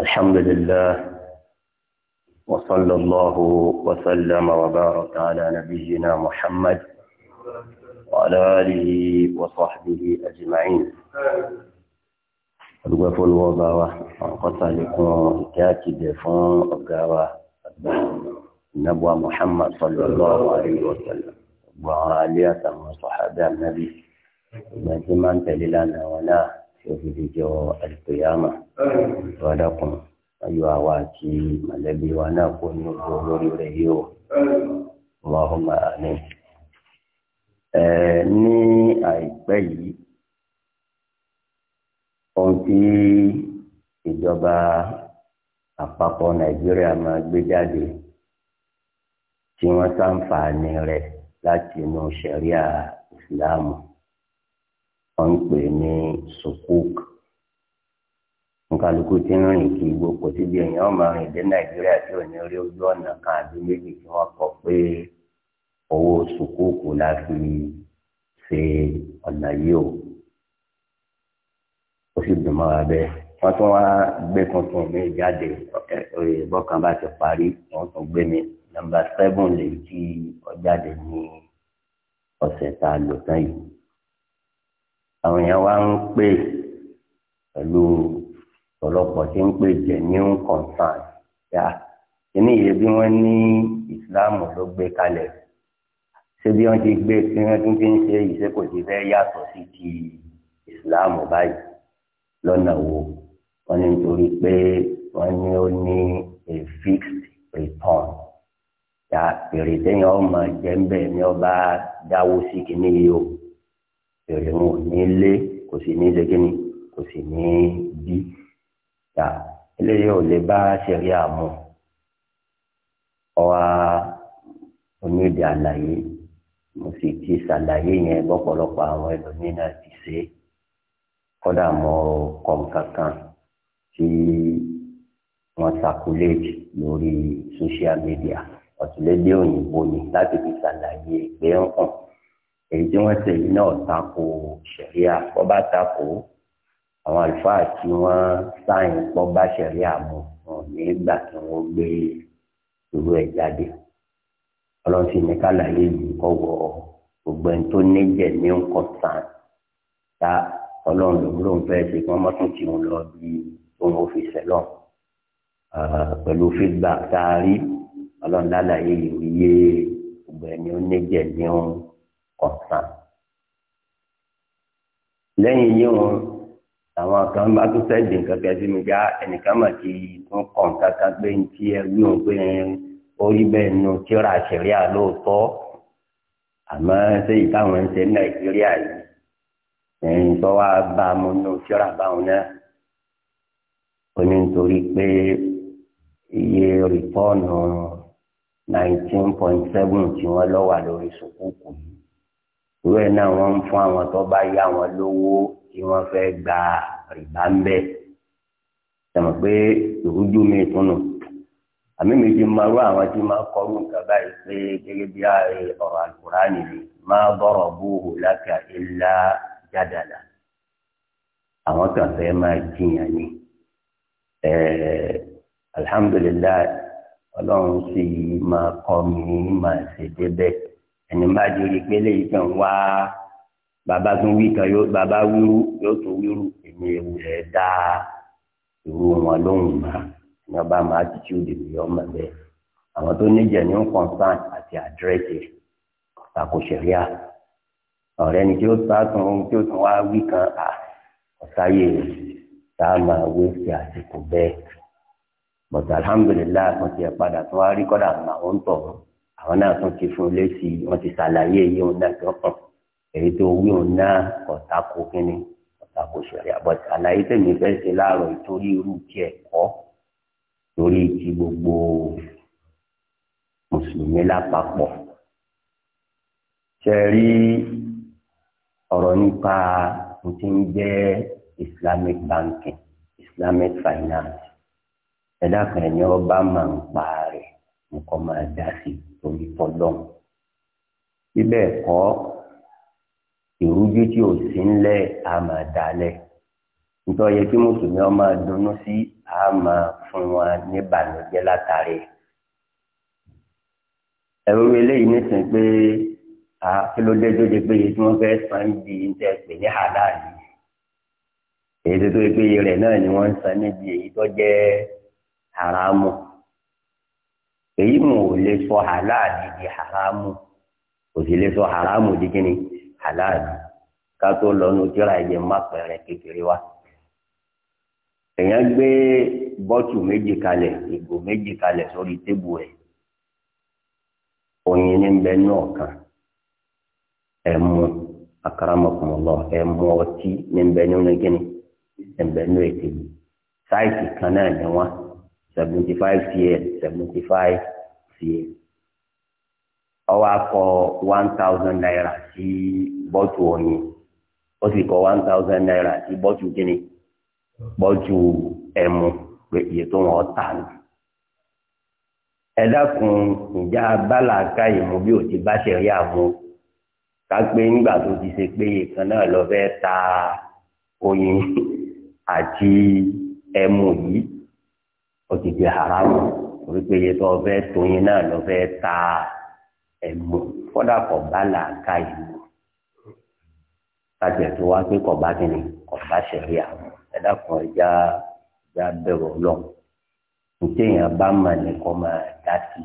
الحمد لله وصلى الله وسلم وبارك على نبينا محمد وعلى اله وصحبه اجمعين الغفور فولو غاوا انقطع لكم كاتي ديفون غاوا نبوة محمد صلى الله عليه وسلم وعلى صحابه النبي ما زمان تلي لنا ولا tí ó fi dìjọ àlùkòyàmà ìwádàkùn ayọ̀ àwa àti mọ̀lẹ́bí wa náà kó ní ojú olórí rẹ̀ yìí o Allahumma amin. Eh, ní àìpẹ́ yìí ohun tí ìjọba àpapọ̀ Nàìjíríà máa gbé jáde tí wọ́n ṣàǹfààní rẹ̀ láti inú ṣẹ̀ríà ìsìláàmù wọ́n ń pè ní sukuk nkàlùkù tí ń rìn kí gbogbo síbi èèyàn ọmọ rìn dé nàìjíríà tí ò ní rí ojú ọ̀nà kan àbí méjì tí wọ́n kọ pé owó sukuku la fi ṣe ọ̀nà yìí o ó sì dùn mọ́ra bẹ́ẹ̀ wọ́n tún wá gbé tuntun mi jáde bọ́kàn bá ti parí wọ́n tún gbé mi nọ́mbà sẹ́fún lè kí ọ jáde ní ọ̀sẹ̀ tá a lò tán yìí àwọn èèyàn wá ń pè pẹ̀lú ọ̀pọ̀lọpọ̀ tí ń pè jẹ́ new concern yá kíní yìí bí wọ́n ní ìsìláàmù ló gbé kalẹ̀ ṣé bí wọ́n ti gbé tí wọ́n tún fi ń ṣe yìí ṣé fẹ́ yàtọ̀ sí ti ìsìláàmù báyìí lọ́nà wo wọ́n ní nítorí pé wọ́n ní ó ní a fixed return yá èrè téèyàn ó máa jẹ́ ń bẹ̀ ni ó bá dáwó sí kíní yìí o èrè wọn ò ní lé kò sì ní ṣe kíni kò sì ní bí ta eléyìí ò lè bá ṣẹ̀rí àmú ọwá onídìí àlàyé mo sì ti ṣàlàyé yẹn lọ́pọ̀lọpọ̀ àwọn ẹlòmíín náà ti ṣe é kódà mọ kọ̀ǹkankan tí wọ́n ṣàkúlẹ̀jì lórí social media ọ̀túnlẹ́dẹ́ òyìnbó ni láti fi ṣàlàyé pé ń èyí tí wọ́n ṣe yìí náà tako ṣẹ̀ríà kọ́ bá tako àwọn àlùfáà tí wọ́n sáyìn kọ́ bá ṣẹ̀ríà mu wọn nígbà tí wọ́n gbé irú ẹ̀ jáde ọlọ́run sì ní kálàyé yìí kọ́ wọ gbogbo ẹni tó níjẹ̀ ní nǹkan sàn tá ọlọ́run lòun lòun fẹ́ ṣe kí wọ́n mọ́tún tí òun lọ bí òun ò fi ṣẹlọ̀ pẹ̀lú feedback tá a rí ọlọ́run lálàyé yìí yé gbogbo ẹni ó níjẹ̀ ní òun ọ̀sán. lẹ́yìn yìí wọn àwọn kan bá tún sẹ́ẹ̀dì nǹkan kẹsí mi já ah, ẹnìkan mà ti tún kọ̀ nǹkan kan pé ń tí ẹ gbé òun pé orí bẹ́ẹ̀ nu tíra àṣẹ̀rí àlóòótọ́ àmọ́ ṣé ìtàwọn ń ṣe nàìjíríà yìí ẹ̀yìn tó wá bá a mú nu tíra báwọn náà ó ní nítorí pé iye rìpọ́ọ̀nù nineteen point seven tí wọ́n lórí sùkúùkù yìí ìwé náà wọ́n ń fún àwọn tó bá yá wọn lówó tí wọ́n fẹ́ gba rìbá ń bẹ tẹmọ pé ìrújú mi tún nù àmì mi ti máa rú àwọn tí máa kọrú nǹkan báyìí pé gẹ́gẹ́ bí ọ̀rọ̀ àlùkùránì ni máa bọrọ búhù lákà ilá jádàlà àwọn kan fẹ́ máa jiyàn ni alhamdulilayi Ọlọ́run sì máa kọ́ mi máa ṣe débẹ̀ ẹni bá di orí pé léyìí kan wá bàbá tún wí kan yóò bàbá wíru yóò tún wíru èmi ewu rẹ̀ dá irú wọn lóhùn mọ́ ní ọba máa attitude mi ọmọ bẹ́ẹ̀ àwọn tó níjẹ̀ ní concern àti àdírẹ́sì tako sẹ̀ríà ni tí ó sá tún tí ó tún wá wí kan à ọ̀sáyè tá a máa wé sí àsìkò bẹ́ẹ̀ but alhamdulilayi mo ti ẹ̀ padà tún wá rí kọ́dà àwọn tó ń àwọn náà tún ti fún lésì wọn ti ṣàlàyé iye òun náà gbọ́kàn èyí tó wí òun náà ọ̀tá kò kínní ọ̀tá kò ṣẹlẹ̀ àbọ̀tí àlàyé tèmi fẹ́ ṣe láàárọ̀ ìtorí irú tiẹ̀ kọ́ torí ti gbogbo mùsùlùmí lápapọ̀ ṣe rí ọ̀rọ̀ nípa mo ti ń jẹ́ Islamic banking Islamic finance ẹ̀dá kan ẹ̀yìn ọba máa ń pa rẹ̀ nǹkan máa dá sí i torí tọ́lọ́n síbẹ̀ kọ́ ìrújú tí ò sí ńlẹ̀ a máa dalẹ̀ nítorí yẹ kí mùsùlùmí ọmọ dunnú sí a máa fún wa níbànújẹ́ látàrí ẹ̀rọ eléyìí nísìnyí pé a kí ló dé tó pé tí wọ́n fẹ́ san ibi tẹ́ pè ní halali èyí tó tó di pé iye rẹ̀ náà ni wọ́n ń san níbi èyí tó jẹ́ haramu. èyí mò ò lè sọ halali di haramu kò sì lè sọ haramu di kíni halali ká tó lọ́nu tíra ẹ̀jẹ̀ má pẹ̀rẹ̀ kékeré wa èèyàn gbé bọ́tù méjì kalẹ̀ ìgò méjì kalẹ̀ sórí tébù ẹ̀ oyin ní bẹ náà kan ẹmu akaramakumọlọ ẹmu ọtí ní nínú kíni wọn. seventy five years seventy five years ọwọ́ akọ one thousand naira sí bọ́tù oyin ó sì kọ one thousand naira sí bọ́tù kínní bọ́tù ẹ̀mú pé iye tó wọn tà ní. ẹ dákun ìjà bálàkà ìmú bí ò ti bá ṣe rí àmú ká pé nígbà tó ti ṣe pé ìkan náà lọ fẹ́ ta oyin àti ẹ̀mú yìí ó ti di haramu wípé iye tó fẹ́ tó yín náà ló fẹ́ ta ẹ̀mú kódà kò bá làákà ìlú kájẹ tó wá pé kò bá kíni kò bá ṣẹlẹ̀ àwọn ẹ̀dá kan ẹja ẹja bẹ̀rù Ọlọ́run nítẹ̀yìn bá nìkan máa dá sí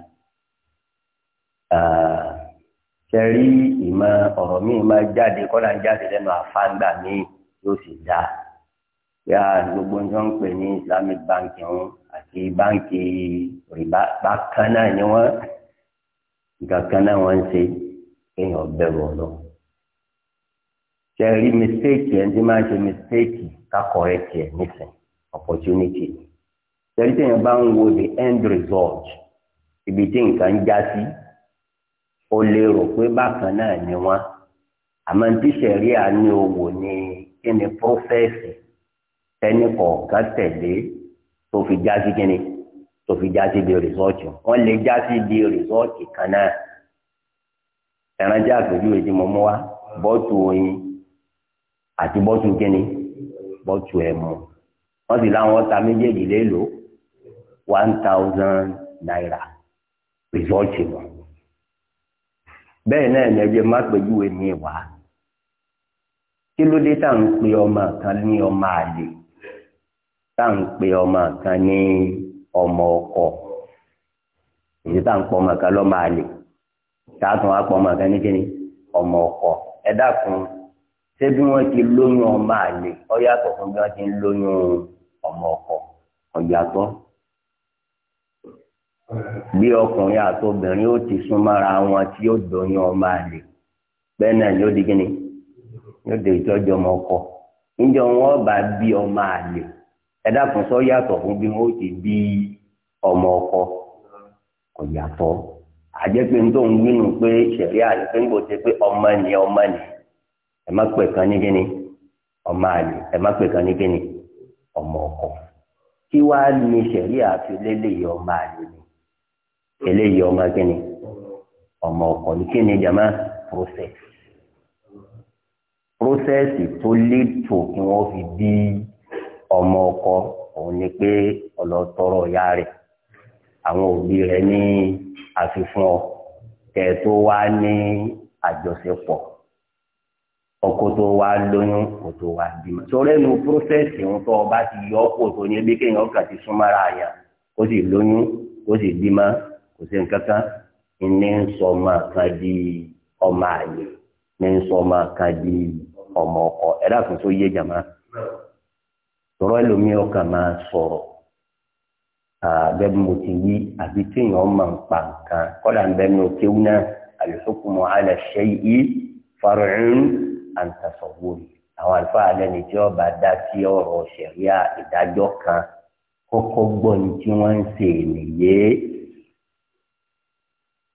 ṣẹ̀rí ìmọ̀ ọ̀rọ̀ míì máa jáde kódà jáde lẹ́nu àfáàgbà míì yóò sì dáa. Ya, gbogbo ní wọn pè ní islamic bank wọn àti báńkì rìbá bákan náà ni wọn nǹkan kan náà wọn ń ṣe kéèyàn bẹ̀rù ọlọ sẹẹri mistake ẹni tí máa ń ṣe mistake kakọ ẹ tiẹ nísìn opportunity sẹẹri téèyàn bá ń wo the end result ibi tí nǹkan ń já sí o lè rò pé bákan náà ni wọn àmọ́ tí sẹẹri àní owó ni kí ni prọfẹsì tẹ́ni kọ̀ọ̀kan tẹ̀lé tó fi já sí kínní tó fi já sí di rìsọ́ọ̀tì wọ́n lè já sí di rìsọ́ọ̀tì kan náà ẹ̀ránjẹ́ àpèjúwe tí mo mú wa bọ́ọ̀tù oyin àti bọ́ọ̀tù kínní bọ́ọ̀tù ẹ̀mú wọ́n sì láwọn ọ̀tá méjèèjì lè one thousand naira rìsọ́ọ̀tì wọn bẹ́ẹ̀ náà ni ẹ̀jẹ̀ má pèjúwe mi wá kí ló dé tá à ń pe ọmọ kan ní ọmọ àlè. tá à ń pe ọmọ kan ní ọmọ ọkọ èyí tá ń pọ ọmọ kan lọ́mọ àlè tá a tún wá pọ ọmọ kan ní kíni ọmọ ọkọ ẹ dákun ṣé bí wọn ti lóyún ọmọ àlè ọ yàtọ̀ fún bí ti ń lóyún ọmọ ọkọ bí ọkùnrin ti sún mọ́ra wọn tí ó ọmọ àlè bẹ́ẹ̀ náà di kíni di ìtọ́jú ọmọ ọkọ níjọ wọn bá bí ẹ dákun sọ yàtọ̀ fún bí wọn ó ti bí ọmọ ọkọ kò yàtọ̀ àjẹpẹ ń tó ń wínú pé ṣẹlẹ àyẹpẹ ń bò ṣe pé ọmọ ni ọmọ ni ẹ má pè kan ní kíni ọmọ àlè ẹ má pè kan ní kíni ọmọ ọkọ kí wàá ní ṣẹlẹ àfi lélẹyìí ọmọ àlè ni eléyìí ọmọ kíni ọmọ ọkọ ní kíni jama process process tó lead to kí wọn fi bí. ọmọ ọkọ òun ni pé ọlọ́tọ́rọ̀ ya rẹ̀ àwọn òbí rẹ̀ ní àfihàn ọ tẹ̀ tó wá ní àjọṣepọ̀ ọkọ tó wá lóyún kò tó wá bímọ. ọba ti yọ ọkụ kò ní ebi kéèyàn ti súnmọ́ra àyà kó sì lóyún kó sì bímọ kò sí nǹkan ní di ọmọ àyè ní di ọmọ ọkọ tó yé jama. tọrọ ẹlòmíì ọkàn máa sọ̀rọ̀ bẹ́ẹ̀ mo ti wí àbí téèyàn máa ń pa nǹkan kọ́dà ń bẹ́ẹ̀ ní òkéwú náà al-hukmu ala shay'i far'un an tasawwuri àwọn àlùfáà lẹ́ni tí ó bá dá sí ọ̀rọ̀ ṣẹ̀ríà ìdájọ́ kan kọ́kọ́ gbọ́ ní tí wọ́n ń ṣe nìyé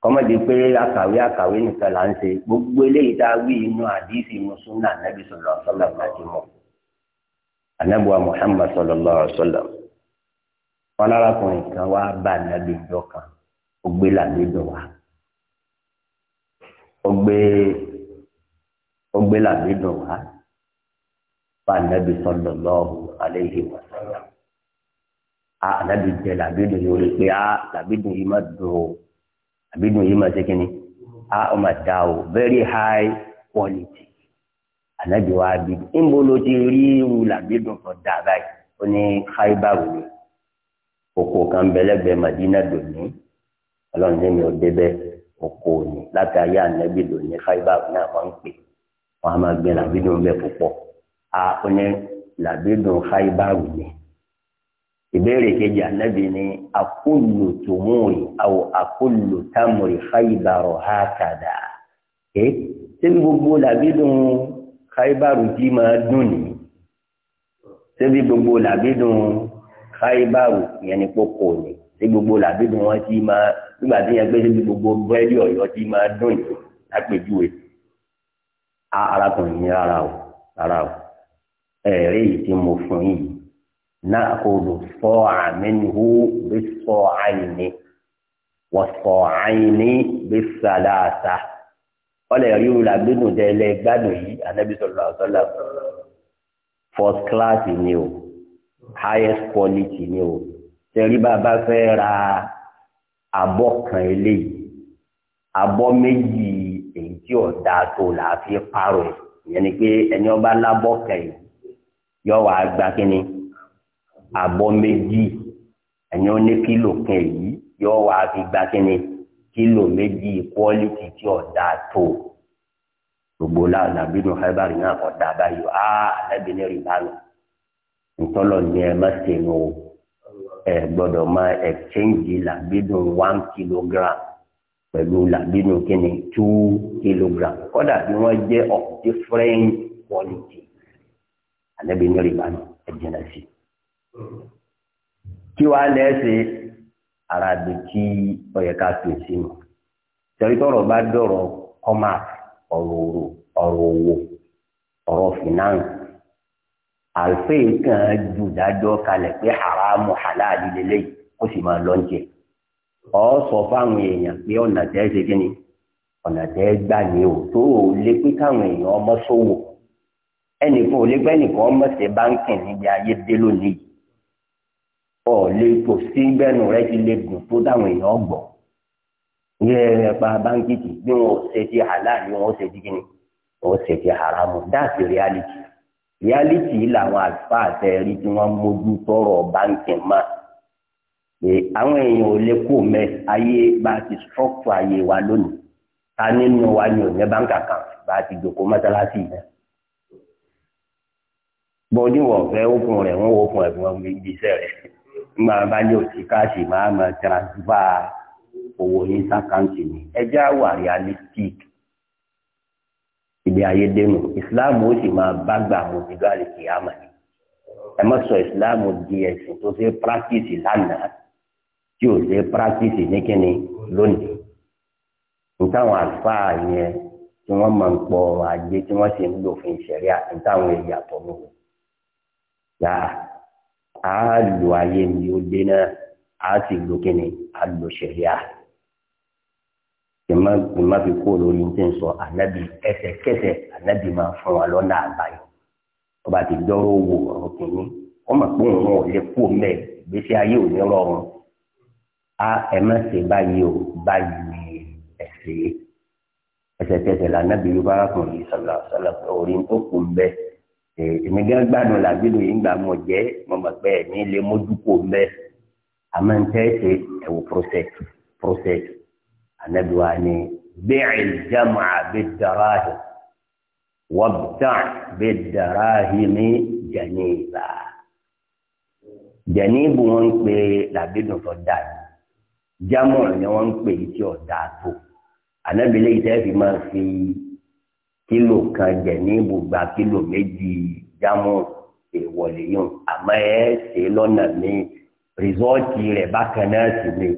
kọ́mọ̀dé pé akàwé akàwé nìkan là ń ṣe gbogbo eléyìí tá wí inú àdìsí musulman nàbí sallallahu anabuwa muhammad sallallahu alaihi wa sallam wọn arákùnrin kan wá bá anabi jọ kan ó gbé làbídùn wá ó gbé ó gbé làbídùn wá bá anabi sallallahu alaihi wa sallam anabi jẹ làbídùn yìí ó lè pe á làbídùn yìí má dùn ó làbídùn yìí má ṣe kínní á ó má dá o very high quality ànábì wa bi níbo ló ti rí irú làbídùn kan dà báyìí ó ní khaibaru ni oko kan bẹlẹgbẹ madina dòní ọlọ́run ní mi ò débẹ̀ oko ni láti ayé ànábì lòní khaibaru náà wọ́n ń pè wọ́n á máa gbin làbídùn bẹ́ẹ̀ púpọ̀ a ó ní làbídùn khaibaru ni ìbéèrè kejì ànábì ni akulu tumuri aw akulu tamuri khaibaru hakada ẹ ṣé gbogbo làbídùn káíbàrù jí máa dùn ní ṣebí gbogbo làbídùn káíbàrù yẹn ni kókó ni ṣé gbogbo làbídùn wọn ti máa nígbà tí yẹn gbé ṣebí gbogbo búrẹ́dì ọ̀yọ́ ti máa dùn ní lápèjúwe arákùnrin ní rárá o rárá o ẹ̀rí yìí tí mo fún yìí náà kò lò sọ àmínú bí sọ àyìní wọ́n sọ àyìní bí sàlàsà ọlẹ rí wula gbẹdùn tẹ lẹ gbádùn yìí anabi sọlọ sọlọ first class ni o highest quality ni o tẹrí bàbá fẹ́ ra abọ́ kan eléyìí abọ́ méjì èyí tí ò dáa tó là á fi pààrọ̀ ẹ ìyẹn ni pé ẹni ọba lábọ kẹyìn yọ wàá gba kínní abọ́ méjì ẹni ó ní kílò kẹyìn yọ wàá fi gba kínní kílò méjì kwọ́lìtì tí ọ̀dà tó gbogbo làbí nù haibari náà ọ̀dà báyìí á alábìnrin rí báyìí ntọ́lọ̀ ní ẹ má ṣe nù o ẹ gbọ́dọ̀ máa exchange làbí nù one kilogram pẹ̀lú làbí nù kíni two kilogram kọ́dà bí wọ́n jẹ́ of different quality alábìnrin rí báyìí ẹ jẹ́ náà sí. kí wàá lẹ́sìn. ara di tí ọyẹ ká fi sí mu torí tọ́rọ̀ bá dọ̀rọ̀ commerce ọ̀rọ̀ òwò ọ̀rọ̀ finance alfe kan ju dájọ́ kalẹ̀ pé haramu halali lélẹ́yìí ó si máa lọ jẹ ọ sọ fáwọn èèyàn pé ọ̀nà tẹ́ ṣe kí ọ̀nà tẹ́ o o ò lè ọmọ ṣe báńkì níbi ayé dé lónìí ọ lè kò sí bẹ́ẹ̀nù rẹ ti lè gùn tó dáwọn èèyàn gbọ̀ yẹ pa báńkìtì bí wọn ò ṣe ti halal wọn ò ṣe ti kíni wọn ò ṣe ti haramu reality reality làwọn tí wọ́n mójú tọrọ báńkì pé àwọn èèyàn ò lè kó mẹ ayé bá ti ayé wa lónìí ta nínú wa ni ò báńkà kan bá ti dòkó mọ́tálásì náà bọ́dí wọ̀ fẹ́ rẹ̀ nígbà bá ní òsì káàṣì máa ma tẹ̀rántífà owó yín sákàǹtì ni ẹjẹ́ àwà realistic ìgbé ayé dénú ìsìláàmù ó sì máa bá gbà mú ìlú àlèkè àmà ni ẹ má sọ ìsìláàmù di ẹ̀sìn tó ṣe practice lánàá tí ò ṣe practice ní kíni lónìí nítawọ̀n àlùfáà yẹn tí wọ́n máa ń pọ̀ ajé tí wọ́n sì ń lò fún ìṣẹ̀ríà nítawọ̀n ìyàtọ̀ nù á lo ayé mi ó dé náà á sì lo kíni á lo ṣẹ̀ríà ìmọ̀ ìmọ̀ fi kó lórí ní tí ń sọ ànábì ẹsẹ̀kẹsẹ̀ ànábì máa fún wa lọ́nà àbáyọ ọba ti dọ́rọ̀ wò ọ̀rọ̀ kìíní wọ́n mọ̀ pé òun ò lè kó mẹ́ ìgbésí ayé ò ní rọrùn á ẹ má ṣe báyìí o báyìí ni ẹsẹ̀kẹsẹ̀ lànàbì yorùbá kùn yìí sọ̀lá orí tó kù ń bẹ́ẹ̀ èmi gán gbádùn làbílù yìí ń gbà mọ jẹ mọ mọ pé ẹmí lè mójúkó mbẹ àmọ́ ń tẹ ṣe ẹwọ process process anabiwa ni bẹ́ẹ̀ jama bẹ darahi wabta bẹ darahi mi janiba janibu wọn ń pè làbílù tó dáa jamu ni wọn ń pè tí tó anabile yìí tẹ́ fi máa fi kílò kan jẹ ní ibùgbà kílò méjì jámù ìwọlé yìí àmọ́ ẹ ṣe lọ́nà ní rìsọ́ọ̀tì rẹ̀ bákan náà sì ni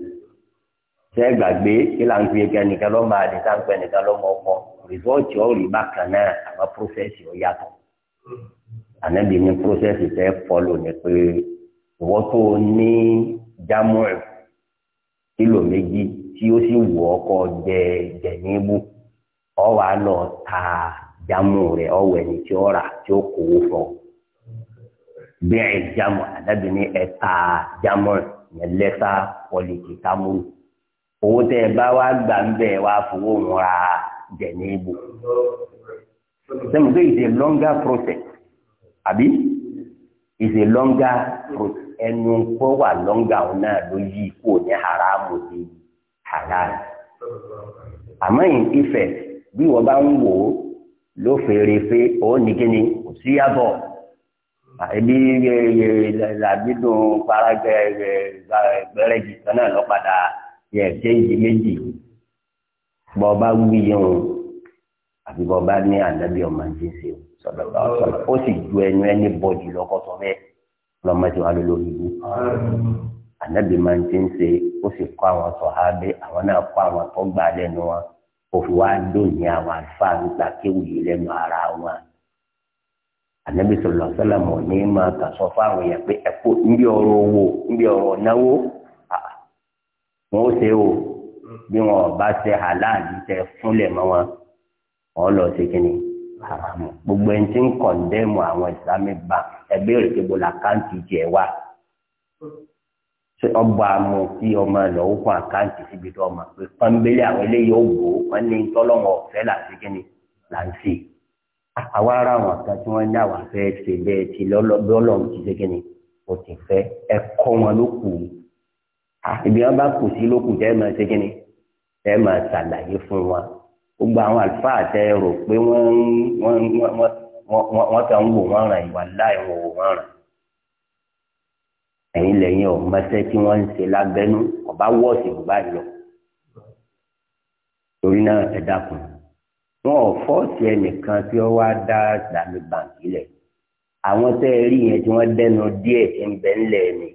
ṣe gbàgbé kí là ń fi ẹgbẹ́ nìkan lọ́ máa lè tá ń pẹ́ nìkan lọ́ mọ́ ọkọ rìsọ́ọ̀tì ọ̀ rí bákan náà àmọ́ prósẹ́sì ọ̀ yàtọ̀ ànábì ní prósẹ́sì fẹ́ fọlọ́ ni pé ìwọ́ tó ní jámù kílò méjì tí ó sì wù ọkọ jẹ jẹ ní ọ wà taa jamu rẹ ọwọ ẹni tí ó rà tí ó kówó fọ bẹ́ẹ̀ jamu jamu yẹn lẹ́tà pọ̀lìkì tamuru owó tẹ ẹ bá wá gbà ń bẹ̀ w'a fowó ra ní ibò pé it's a process àbí it's a longer process ẹnu wà náà ló yí kó ní haramu di àmọ́ bí wọ́n bá ń wò ó ló fèrèfé ó ní kíni kò sí yàbọ̀ àbí làbídùn paragbẹ gbẹrẹjì kan náà lọ padà yẹ kéjì méjì bọ́ ọba wí yẹn o àbí bọ́ ọba ní ànábì ọmọ ní ṣe o sọ̀rọ̀ sọ̀rọ̀ ó sì ju ẹnu ẹni bọ̀dì lọ́kọ́sọ bẹ́ẹ̀ lọ́mọ tí wàá lórí ibú ànábì máa ń ti ń ṣe ó sì kọ́ àwọn sọ̀hábẹ́ àwọn náà kọ́ àwọn tó gbà lẹ́nu wọn. òfin wa lónìí àwọn àlùfáà ń gbà maara lẹ́nu ara wọn ànábì sọlọ sọlọmọ ní ma kà sọ fáwọn èèyàn pé ẹkọ níbi ọ̀rọ̀ owó níbi ọ̀rọ̀ náwó wọn ó ṣe o bí wọn ọba ṣe aláàbí tẹ fúnlẹ̀ mọ́ wọn wọn lọ kínní gbogbo ẹni tí ń kọ̀ndẹ́mù àwọn islamic bank ẹgbẹ́ ìrètí bọ́lá káńtì jẹ wá ṣe ọba àmọ tí ọmọ lọ ó kọ àkáǹtì síbi tó ọmọ pé pọnbélé àwọn eléyìí ó wò ó wọn ní tọlọmọ ọfẹ láti kíni là ń ṣe àwa ara àwọn kan tí wọn ní àwọn afẹ ṣe bẹ́ẹ̀ ti lọlọrun ti ṣe kíni o ti fẹ ẹ kọ wọn ló kù ibi wọn bá kù sí ló kù tẹ ẹ máa ṣe kíni tẹ ẹ máa ṣàlàyé fún wa gbogbo àwọn àlùfáà tẹ ẹ rò pé wọn wọn wọn wọn kàn ń wò wọn ràn ìwà láì wọn wò wọn ràn ẹ̀yin lẹ́yìn ọ̀ mọ́sẹ́ tí wọ́n ń ṣe lábẹ́nú ọba wọ́ọ̀sì kò bá lọ. torí náà ẹ dákun wọn ò fọ́ọ̀sì ẹnìkan tí ó wá dá dàmí bàǹkì lẹ̀ àwọn tẹ́ ẹ rí yẹn tí wọ́n dẹnu díẹ̀ tí ń bẹ ńlẹ̀ ni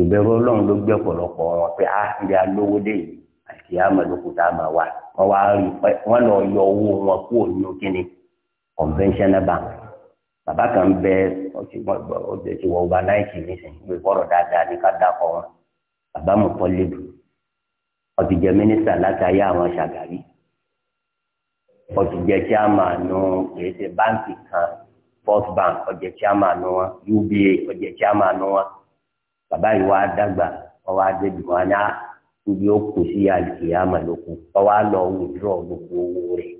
ìbẹ̀rù ọlọ́run ló gbé ọ̀pọ̀lọpọ̀ wọn pé á ń ya lówó dé yìí àti àmàlùkùtà máa wà wọ́n wá rí wọ́n lọ yọ owó wọn kúrò nínú kíni conventional bank bàbá kan bẹ ọjọ́ tí wọ́n gba náìkì nísìnyí pé kọ́rọ̀ dáadáa ní ká dákọ̀ wọn bàbá mu kọ́ lébu ọtí jẹ mínísítà láti ayé àwọn ṣàgàrí ọtí jẹ chairman kìí ṣe báǹkì kan first bank ọjẹ chairman nù wọn uba ọjẹ chairman nù wọn bàbá yìí wàá dàgbà ọwọ́ adébí wọn ní ah, ibi ó kù sí àlìkìyàmà ló kù ọwọ́ àlọ́ gbogbo owó rẹ̀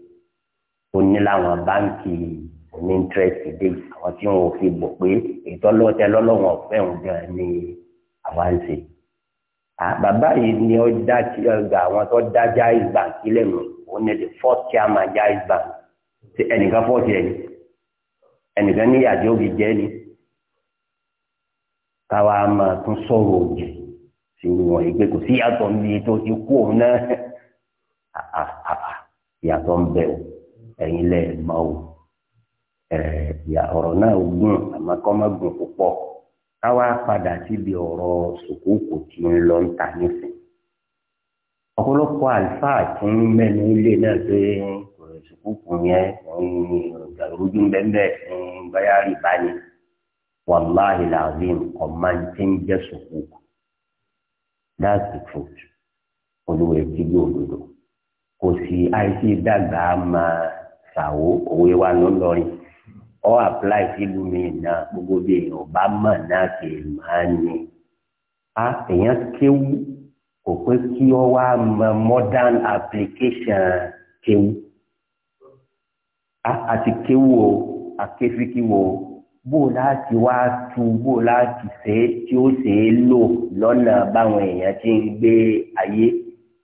ó ní láwọn báǹkì yìí ní ìntírẹ́sì dé àwọn tí wọn ò fi bọ̀ pé ìtọ́lọ́tẹ lọ́lọ́wọ́n ọ̀fẹ́ òun gan ni àwa ń ṣe. bàbá yìí ni ó dá ọgbà àwọn tó dá Jaiz Bank ilé mi òun ni the fourth chairman Jaiz Bank ṣe ẹnìkan fọ́ọ̀tì ẹ̀ ni ẹnìkan ní ìyàjọ́ òbí jẹ́ ni káwa máa tún sọ̀rọ̀ òdì sí wọn ìgbé kò sí ìyàtọ̀ níbi tó ti kú òun náà ìyàtọ̀ ń bẹ ẹ̀yin lẹ́ẹ̀ máa wò ìyà ọ̀rọ̀ náà gùn àmọ́ kọ́ má gùn púpọ̀ káwá padà síbi ọ̀rọ̀ sòkòkò tí ń lọ ń ta nísìn. ọ̀pọ̀lọpọ̀ àlùfáà tí ń mẹ́nu ilé náà pé sòkòkò yẹn ìgbàlódún bẹ́ẹ̀ báyà rí báyìí wàláhì làzim ọ̀ma ti ń jẹ́ sòkòkò that's the truth olùwẹ̀ ti gbé òdodo kò sí àìsí dàgbà máa ṣàwó òwe wa lọ́lọ́rin ọ apply sílùú mi náà gbogbo bí èèyàn bá mọ̀ náà kì í máa ní. a èèyàn kéwú kò pé kí ọ wá mọ modern application kéwú. a àti kéwú o akéfíkíwú o bó láti wá tu bó láti ṣe é tí ó ṣe é lò lọ́nà báwọn èèyàn ti ń gbé ayé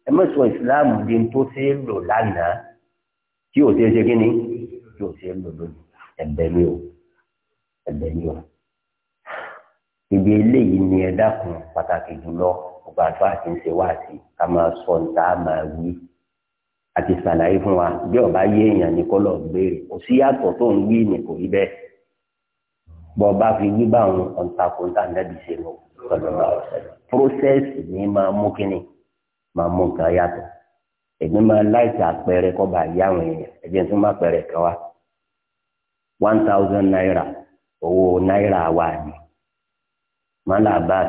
ẹ mọ̀ sọ ìsìláàmù di tó ṣe é lò lánàá tí ò ṣe é ṣe kí ni tí ò ṣe é lò lónìí ẹ̀bẹ̀ ni o ẹ̀bẹ̀ ni o ibi eléyìí ni ẹ dákun pàtàkì jùlọ ọgbà àfa àti ń ṣe wá ká máa sọ níta máa wí àti ṣàlàyé fún wa bí ọba yé èèyàn ní kọlọ béèrè kò sí yàtọ̀ tó ń wí ní kò rí bẹ́ẹ̀ bọ bá fi wí báwọn ọ̀ǹtakùntà nàbì ṣe lọ sọlọ́lá ni máa mú kínní máa mú nǹkan yàtọ̀ èmi máa láìsí àpẹẹrẹ kọ́ yá àwọn èèyàn ẹ̀jẹ̀ tó má pẹ̀rẹ̀ kan one thousand naira owó náírà wà ní malabas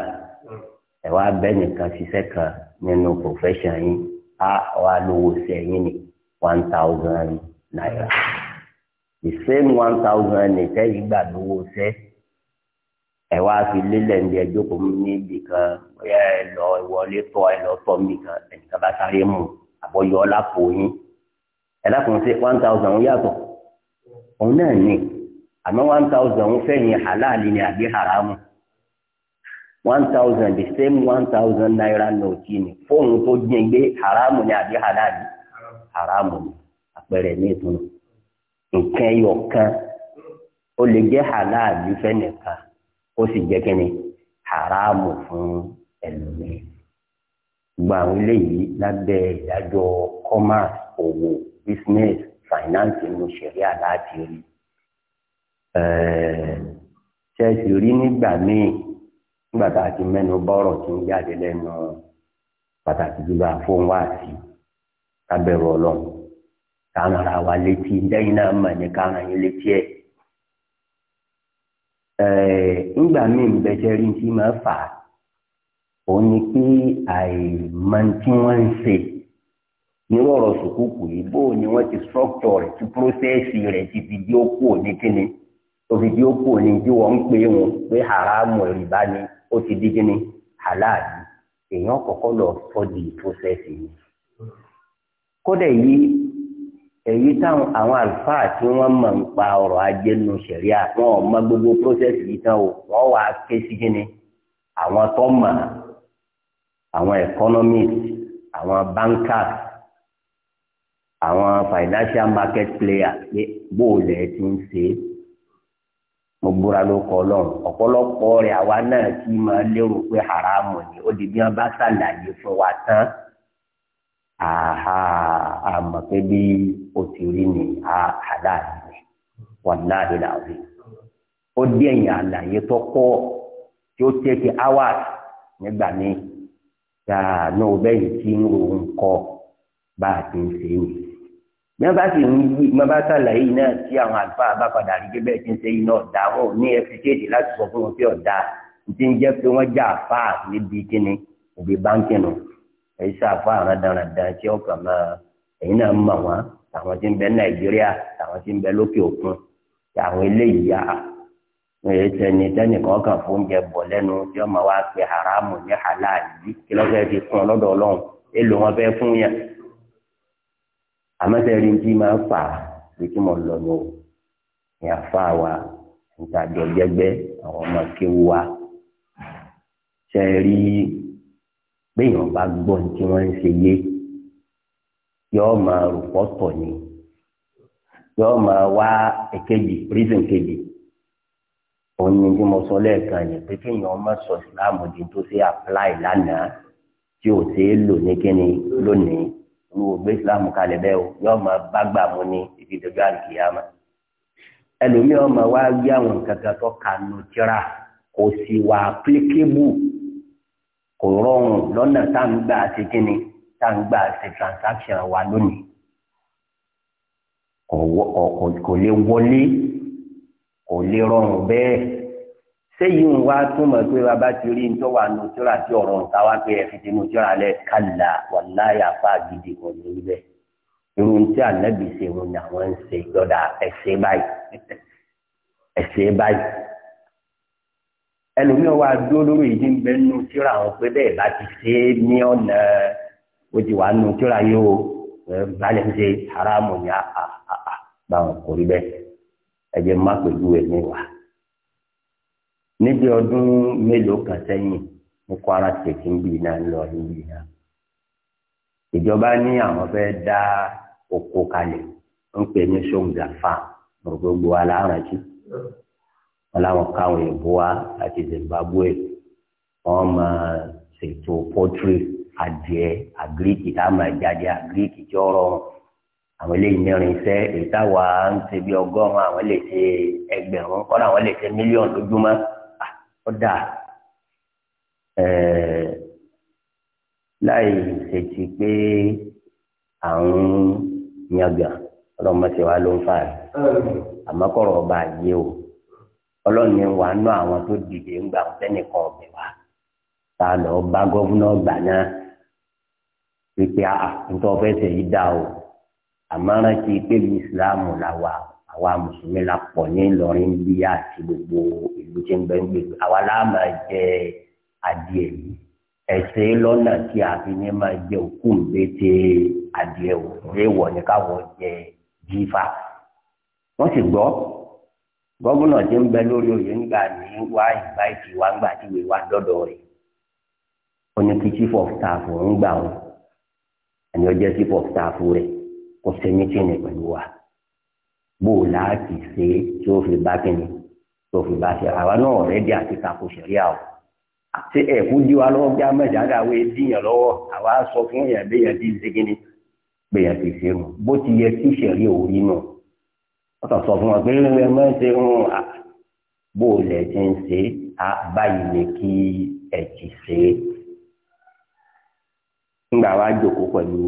ẹ wá bẹ́ẹ̀ nìkan ṣiṣẹ́ kan nínú profession yín á wá lówó sẹ́yìn ní one thousand naira the same one thousand nìkẹ́ yìí gbà lówó sẹ́ ẹ wá fi lélẹ̀ ní ẹjọ́ kò mú ní ibì kan bóyá ẹ lọ ìwọlé tọ́ ẹ lọ tọ́ mi kan ẹnìkan bá sáré mú àbọ̀yọ́ lápò yín ẹ lákùnrin sí one thousand yàtọ̀. òun na ni àmọ́ one thousand ń fẹ́ yẹn halali ni àbí haramu one thousand the same one thousand naira note ni fóònù tó dín gbé haramu ni àbí halali haramu ni àpẹẹrẹ ní ìtumọ̀ nǹkan ẹyọ kan ó lè jẹ́ halali fẹ́nìkan ó sì jẹ́ ni haramu fún ẹlòmíràn gba àwọn yi lábẹ́ ìdájọ́ commerce owó business finance nu ṣẹ̀ríà láti rí ṣe sì rí nígbà míì nígbà tá a ti mẹ́nu bọ́rọ̀ tí ń jáde lẹ́nu pàtàkì jùlọ àfọ̀hún wá sí ọlọ́run ara wa létí lẹ́yìn náà mọ̀ ní yín létí ẹ̀. ti máa fà òun ni pé irú ọ̀rọ̀ sùkúùkù yìí bó ni wọ́n ti structure rẹ̀ ti processi rẹ̀ ti fi di okò ní kíni tó fi di okò ní tí wọ́n ń pè wọn pé haramu rìbá ni ó ti di kíni halali èèyàn kọ́kọ́ lọ fọ́ di processi yìí. kódà yìí èyí táwọn àwọn àlùfáà tí wọ́n mọ̀ ń pa ọ̀rọ̀ ajé nu ṣẹ̀ríà wọn ò mọ gbogbo processi yìí tán o wọ́n wàá ké sí kíni àwọn tó mọ̀ àwọn economists àwọn bankers àwọn financial market player pé bóòlù ẹ ti ń ṣe é mo búra ló kọ Ọlọ́run ọ̀pọ̀lọpọ̀ rẹ̀ àwa náà ti máa lérò pé haramu ni ó di bí wọn bá ṣàlàyé fún wa tán àhà àmọ́ pé bí o ti rí ni àhàláàlì ni wàláàlì làwọn ó dé ẹ̀yìn àlàyé tó pọ̀ tí ó tẹkẹ hours nígbà míì yàrá náà bẹ́ẹ̀ tí ń ro nǹkan bá a ti ń ṣe é nìyí bí wọ́n bá sì ń yí wọ́n bá sàlàyé yìí náà tí àwọn àlùfáà bá padà rí pé bẹ́ẹ̀ ti ń ṣe yìí náà dá wọn ò ní ẹfikéèdì láti sọ fún wọn pé ọ̀dà ti ń jẹ́ pé wọ́n já àfáà níbi kíni òbí báńkì nù èyí sàfáà rádaràdà tí ọkàn máa ẹ̀yin náà mọ̀ wọ́n àwọn tí ń bẹ nàìjíríà àwọn tí ń bẹ lókè òkun àwọn eléyìí yá èyí tẹni ní halali àmọ́tẹ́rì ń tí máa ń fà á bí kí mo o ní àfa wa níta jọ jẹgbẹ́ àwọn ọmọ kéwu wa ṣe rí béèyàn bá gbọ́ ní tí wọ́n ń ṣe yé yọ́ọ́ máa rò pọ́tọ̀ ni yọ́ọ́ máa wá èkejì prison kejì òun ni bí mo sọ lẹ́ẹ̀kan yẹn pé kéèyàn má sọ ìsìláàmù di tó ṣe apply lánàá tí ò ṣe é lò ní lónìí ní ògbé islam kalẹ̀ bẹ́ẹ̀ o yóò máa bá gbà mú ní ibi ìdọ́jú àlùkìyàmá ẹlòmíì ọmọ wa gbé àwọn nǹkan kan tó kanu tíra kò sì wà applicable kò rọrùn lọ́nà tá à ń gbà ṣe kíni tá à ń gbà ṣe transaction wa lónìí kò lè wọlé kò lè rọrùn bẹ́ẹ̀ sẹ́yìn ń wá túmọ̀ pé bàbá ti rí nítorí wà nù tíra tí ọ̀rọ̀ nǹkan wá pé ẹ̀fìn tí nù tíra lẹ̀ kàlà wà láyà fà gidi kan ní ibẹ̀ irun tí ànábì ṣe wọn ni àwọn ń ṣe lọ́dà ẹ̀ṣẹ̀ báyìí ẹ̀ṣẹ̀ báyìí ẹlòmíràn wá dúró lórí ìdí ń bẹ nù tíra àwọn pé bẹ́ẹ̀ bá ti ṣe é ní ọ̀nà ó ti wà nù tíra yìí o balẹ̀ ń ṣe haramu ni a báwọn kò rí bẹ́ẹ̀ ẹ níbi ọdún mélòó kan sẹ́yìn ní Kwara State ń bì náà ń lọ níbí náà ìjọba ní àwọn fẹ́ dá oko kalẹ̀ ń pè ní ṣóńgà farm gbogbo aláranjú wọn làwọn káwọn èèbó wa láti Zimbabwe wọn máa ṣètò poultry adìẹ àgíríkì tá a máa jáde àgíríkì tí ó rọrùn àwọn eléyìí mẹ́rin iṣẹ́ èyí táwa ń ṣe bí ọgọ́rùn àwọn lè ṣe ẹgbẹ̀rún kọ́dà àwọn lè ṣe mílíọ̀nù lójúmọ́ ọ̀dà láì ṣètì pé àwọn yàgà ọlọ́mọṣẹ́ wa ló ń fà á àmọ́ kọ̀rọ̀ ọba yé o ọlọ́ọ̀ni wa nú àwọn tó dìde ń gbà sẹ́nìkan ọ̀bẹ wa ta lọ bá gọ́vùnà ọgbà náà pípé àtúntò ọ̀fẹ́sẹ̀ yìí dá o àmọ́ rántí pé ìsìláàmù la wà àwa mùsùlùmí la pọ̀ ní Ìlọrin bí àti gbogbo ìlú tí ń bẹ ń gbègbè àwa la máa jẹ adìẹ yìí ẹsẹ lọ́nà tí a fi ní máa jẹ òkú ìgbésẹ adìẹ wò léwọ ní káwọn jẹ jífa wọ́n sì gbọ́ gómìnà tí ń bẹ lórí oyè ńgbà ní wá ìbáìtì wá ńgbà tí ìwé wá dọdọ rẹ̀ ó ní kí chief of staff ń gbà wọn ẹni ó chief of staff rẹ̀ kó ṣe mítìnì pẹ̀lú wa bó o láti ṣe tí ó fi bá kẹ́ni tó fi bá ṣe àwa náà rẹ́dí àti tako ṣẹ̀ríà o àti ẹ̀kú dí wa lọ́wọ́ bí a mẹ́jà dá wé díyàn lọ́wọ́ àwa sọ fún yàn béèyàn ti ṣe kíni béèyàn ti ṣe mu bó ti yẹ kí ṣẹ̀ríà orí nù wọ́n tàn sọ fún wa pé ẹ mọ́ ṣe ń bó o lẹ̀ ti ń ṣe báyìí ni kí ẹ ti ṣe ńgbà wa jòkó pẹ̀lú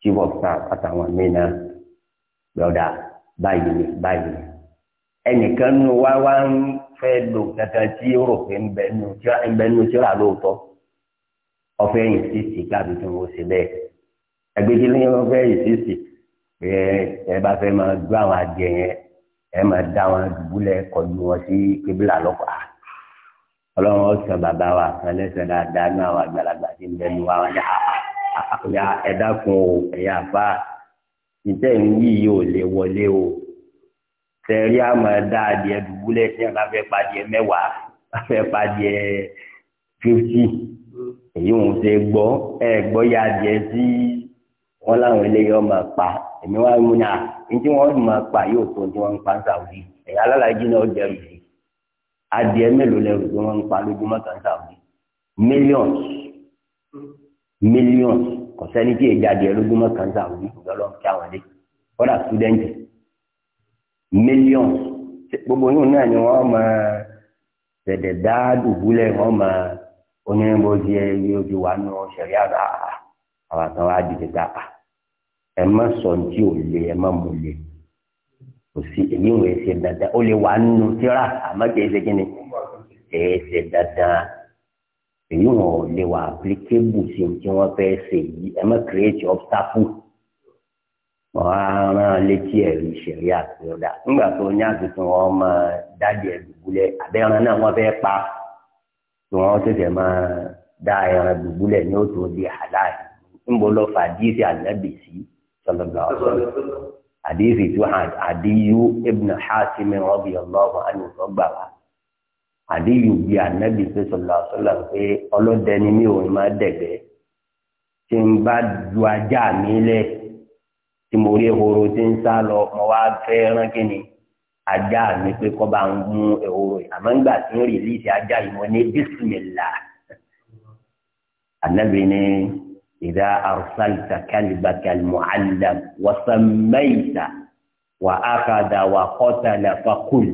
chief of staff àtàwọn mìíràn lọ́dà báyìí ni báyìí ni ẹnìkan nu wá wá ń fẹ́ lò kankan tí ó rò pé ń bẹ nu tíra lóòótọ́ ọ̀fẹ́ yìí sí sí káàbí tí wọ́n ṣe bẹ́ẹ̀ ẹgbẹ́jì ní ọ̀fẹ́ yìí sí sí ẹ ẹ bá fẹ́ máa gbọ́ àwọn adìẹ yẹn ẹ máa dá wọn dùbúlẹ̀ kọjú wọn sí kébìlà lọ́kọ̀ọ́ ọlọ́run ọ̀sán bàbá wa kan lẹ́sẹ̀ dáadáa ní àwọn àgbàlagbà tí ń bẹ nu wa wọn yá ẹ̀dá kun ẹ̀yà fáà ìtẹ̀ ń yí yìí ò lè wọlé o tẹ̀rí àmọ́ dá adìẹ dùbúlẹ̀ ní ọ̀la fẹ́ padìẹ mẹ́wàá fẹ́ padìẹ fifty èyí òun ṣe gbọ́ ẹ gbọ́ ya adìẹ sí wọn láwọn eléyìí ọmọ pa èmi wá mú ní à ní tí wọ́n mọ̀ pa yóò tó tí wọ́n ń pa ń sàwùdí ẹ̀yà alálàájì náà jẹ́rù sí adìẹ mélòó lẹ́rù tí wọ́n ń pa lójúmọ́ kan sàwùdí millions millions kò sẹ́ni tí èjì adìẹ lójúmọ́ kan tà wí lọ́lọ́ kí àwọn dé kọ́dà sùdẹ́ǹtì mílíọ̀nù gbogbo yóò náà ni wọ́n máa tẹ̀dẹ̀ dá dùbúlẹ̀ wọ́n máa onírìnbó di yóò di wà nù sẹ̀rí àrà àwọn àtàwọn wa dìde dá a ẹ má sọ tí ò lè ẹ má mú lè kò sí èyí ń wẹ̀ ṣe dandan ó lè wà nù tíra àmọ́ kì í ṣe kí ni kì dandan èyí wọn ò lè wà applicable sí ní tí wọ́n fẹ́ ṣe yìí ẹ má create obstacle wọ́n á rán létí ẹ̀rí ìṣẹ̀rí àtúnyọ̀dá nígbà tó ní àtúntò wọn máa dájú ẹ̀dùgbúlẹ̀ àbẹ́ran náà wọ́n fẹ́ pa tí wọ́n tẹ̀sẹ̀ máa dá ẹran dùgbúlẹ̀ ní òtún di halal níbo lọ fà díìsì ànábì sí sọlọ́gbà ọ̀sán àdíìsì tó àdíyú ibn Hatim radiyallahu anhu sọgbà wa àdéhùn bíi ànábì pé sọlá sọlá pé ọlọ́dẹ ni mí òun máa dẹ̀gbẹ́ tí n bá ju ajá mi lẹ̀ tí mo rí ehoro tí ń sá lọ mo wá fẹ́ rán kí ni ajá mi pé kọ́ bá ń mú ehoro yìí àmọ́ nígbà tí ń rìlíìsì ajá yìí mo ní bísímìlà ànábì ni ìdá arsalta kalibaka almuallam wasammaita wa akada wa qatala fakul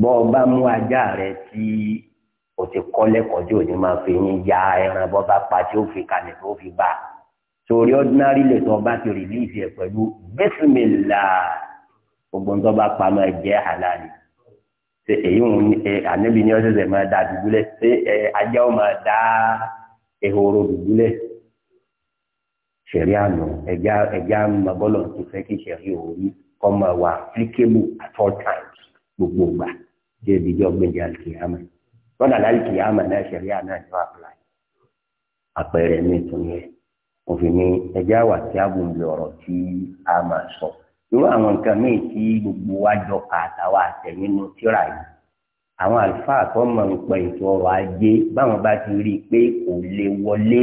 bọ́ ọ bá mú ajá rẹ tí o ti kọ́ lẹ́kọ̀ọ́ tí o ní máa fi yín ya ẹran bọ́ bá pa tí o fi kalẹ̀ tó fi bá torí ordinary lè tọ́ bá ti release ẹ̀ pẹ̀lú bísímìlà gbogbo nǹkan bá pa máa jẹ́ halali ṣe èyí ń ẹ ànábì ní ọ̀sẹ̀sẹ̀ máa da dùdúlẹ̀ ṣe ẹ ajá ó máa da ehoro dùdúlẹ̀ ṣẹ̀rí àná ẹ̀já ẹ̀já mọ̀bọ́lọ̀ tó fẹ́ kí ṣẹ̀rí òórí kọ́ máa wà applicable at all times gbogbo gbà tí ebi jọ gbẹdẹ alikiyama kọ́dà alikiyama náà sẹ̀ríà náà ni wọ́n apply àpẹẹrẹ mi tún yẹ òfin ni ẹjẹ àwà tí a bò ń bẹ ọ̀rọ̀ tí a máa sọ irú àwọn nǹkan míì tí gbogbo wa jọ kà àtàwọn àtẹnínú tíra yìí àwọn àlùfáà tó mọ̀ ń ètò ọrọ̀ ajé báwọn bá ti rí i pé kò lè wọlé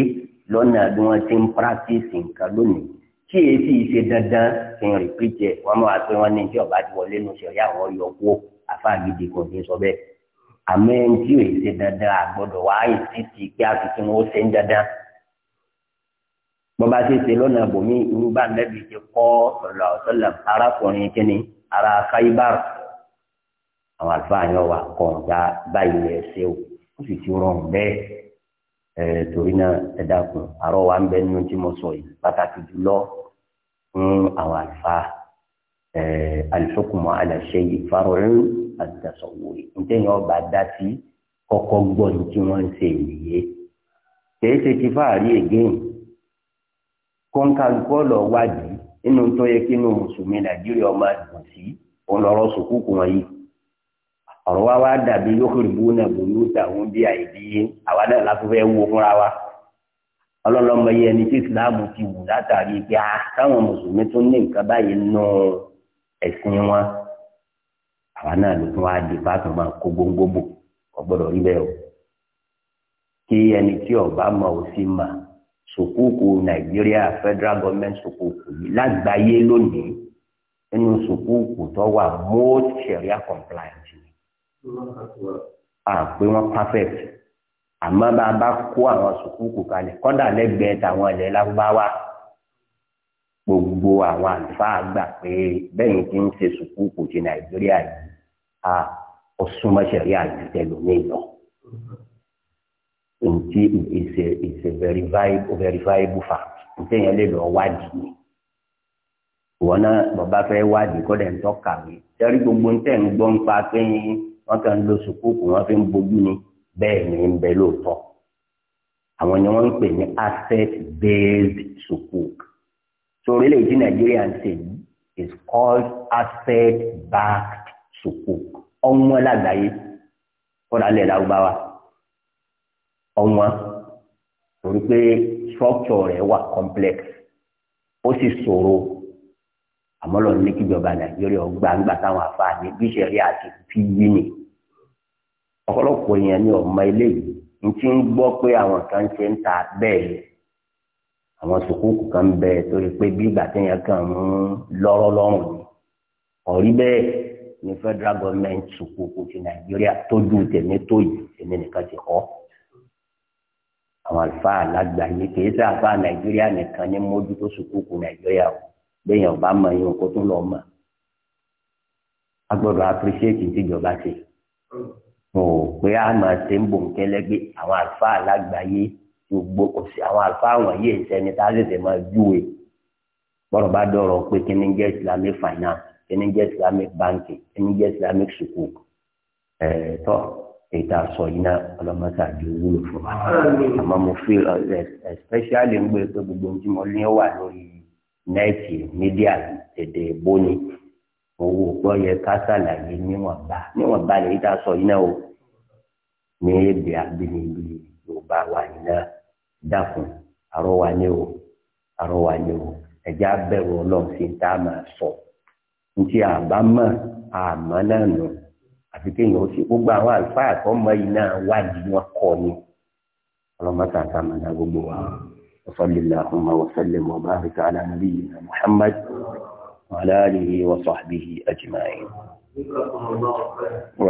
lọ́nà bí wọ́n ti ń pírátìsì nǹkan lónìí tí èyí sì ṣe dandan kí n rìpítì ẹ wọn máa pé wọn ní tí ọba ti wọlé nu ṣẹlẹ̀ àwọn yọ kó àfa gidi kò ní sọ bẹ́ẹ̀ àmọ́ ẹni tí èyí ṣe dandan àgbọ́dọ̀ wá ìsí a, pé àtúntí wọn ó ṣe ń dandan bọba ṣe ṣe lọ́nà bòmí irúgbà nẹbi ti kọ sọlọ sọlọ arákùnrin kínní ara Khaybar àwọn àlùfáà yẹn wà kọ̀ọ̀dà báyìí ẹ̀ ṣe ó sì ti rọrùn bẹ́ẹ̀ torí náà ẹ dákun àárọ̀ wa ń bẹ nínú tí mo sọ yìí pàtàkì jùlọ fún àwọn àlùfáà alifokùnmọ́ aláṣẹ yìí fárọ̀rìn àtàṣọ̀wò yìí ntẹ́yìn ọba dá sí kọ́kọ́ gbọ́ ní tí wọ́n ń ṣe nìyé kèé ṣe ti fáàrí again kọ́ńkàlùkọ́ wádìí nínú tó yẹ kí inú mùsùlùmí nàìjíríà máa dùn sí òun lọ́rọ́ sùkúùkù wọn yìí ọ̀rọ̀ wa wá dàbí yókùrìbù náà bò yóò tà wọn bí àìdí àwa náà láfẹ́fẹ́ wo fúnra wa ọlọ́lọ́mọ yẹn ni tí ìsìláàmù ti wù látàrí pé a ah, táwọn mùsùlùmí tún ní nǹkan báyìí nù ẹ̀sìn wọn àwa náà ló tún wá di bákan máa kó gbóngbóbò kò rí bẹ́ẹ̀ o kí ẹni tí ọba mọ̀ ò sí mà sùkúùkù nàìjíríà federal government sùkúùkù yìí lágbàáyé lónìí nínú sùkúùkù tó wà most sharia compliant a àpé wọn perfect àmọ́ bá a bá kó àwọn sùkúùkù kalẹ̀ kọ́dà lẹ́gbẹ̀ẹ́ tàwọn ilẹ̀ lárúbáwá gbogbo àwọn àlùfáà gbà pé bẹ́ẹ̀ ti ń ṣe sùkúùkù ti nàìjíríà yìí a ó súnmọ́ sẹ̀rí àjùtẹ̀ lónìí lọ. nti ìṣe ìṣe verifiable fact ntẹ̀ yẹn lè lọ wádìí ni wọn náà bàbá fẹ́ wádìí kọ́dà ń tọ́ka mi sẹ́rí gbogbo ntẹ̀ ń gbọ́ ń pa pé yín wọ́n kàn ń lo sùkúùkù wọ́n fi ń bojú ni bẹ́ẹ̀ ni ń bẹ lóòótọ́ àwọn ni wọ́n ń pè ní asset based sukuk so orílẹ̀-èdè nàìjíríà ń ṣe yìí is called asset backed sukuk ọ̀wọ́n lágbàáyé kọ́ra lẹ̀ lárúbáwá ọ̀wọ́n torí pé structure rẹ̀ wà complex ó sì ṣòro àmọ́ lọ ní kíjọba nàìjíríà gbangba táwọn afáàní bí sẹ́rí àti fi yí ni ọ̀pọ̀lọpọ̀ èèyàn ni ọ̀mọ eléyìí n ti ń gbọ́ pé àwọn kan ṣe ń ta bẹ́ẹ̀ àwọn sùkúùkù kan ń bẹ torí pé bí ìgbà téèyàn kàn ń lọ́rọ́ lọ́rùn ni ọ̀rí bẹ́ẹ̀ ni federal government sùkúùkù ti nàìjíríà tójú tèmi tó yìí èmi nìkan ti kọ́ àwọn àlùfáà lágbàáyé kì í sáà fáà nàìjíríà nìkan ní mójútó sùkúùkù nàìjíríà o bẹ́yìn ọba mọ yín oko tó lọ mọ a gbọ́dọ̀ apírísíétì tíjọba ṣe mo ò pé a máa ṣe ń bò ń kẹlẹ́gbẹ́ àwọn àlùfáà lágbàáyé gbogbo òsì àwọn àlùfáà wọ̀nyí ìṣẹ́ni tá a lè fẹ́ máa júwe bọ́dọ̀ bá pé kí ni islamic finance kí islamic banking kí islamic sukuk nẹ́ẹ̀tì mídíà èdè èbó owó pọ́ yẹ ká ṣàlàyé níwọ̀nba níwọ̀nba lè yíta sọ iná o ní èdè abínibí yorùbá wa yìí náà dákun àrọ́wá ni o àrọ́wá ni o ẹ̀já bẹ̀rù ọlọ́run sí ta sọ ntí àmọ́ náà nù kéèyàn ó sì gbogbo àwọn àlùfáà tó mọ wádìí wọn ni ọlọ́mọ tàǹtà gbogbo وصل اللهم وسلم وبارك على نبينا محمد وعلى آله وصحبه أجمعين